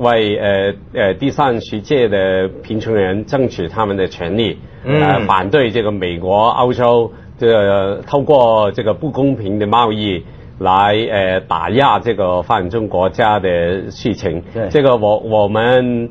為呃呃第三世界的貧窮人爭取他們的權利，嗯、呃反對這個美國、歐洲，呃透過這個不公平的貿易來呃打壓這個發展中國家的事情。對這個我我們。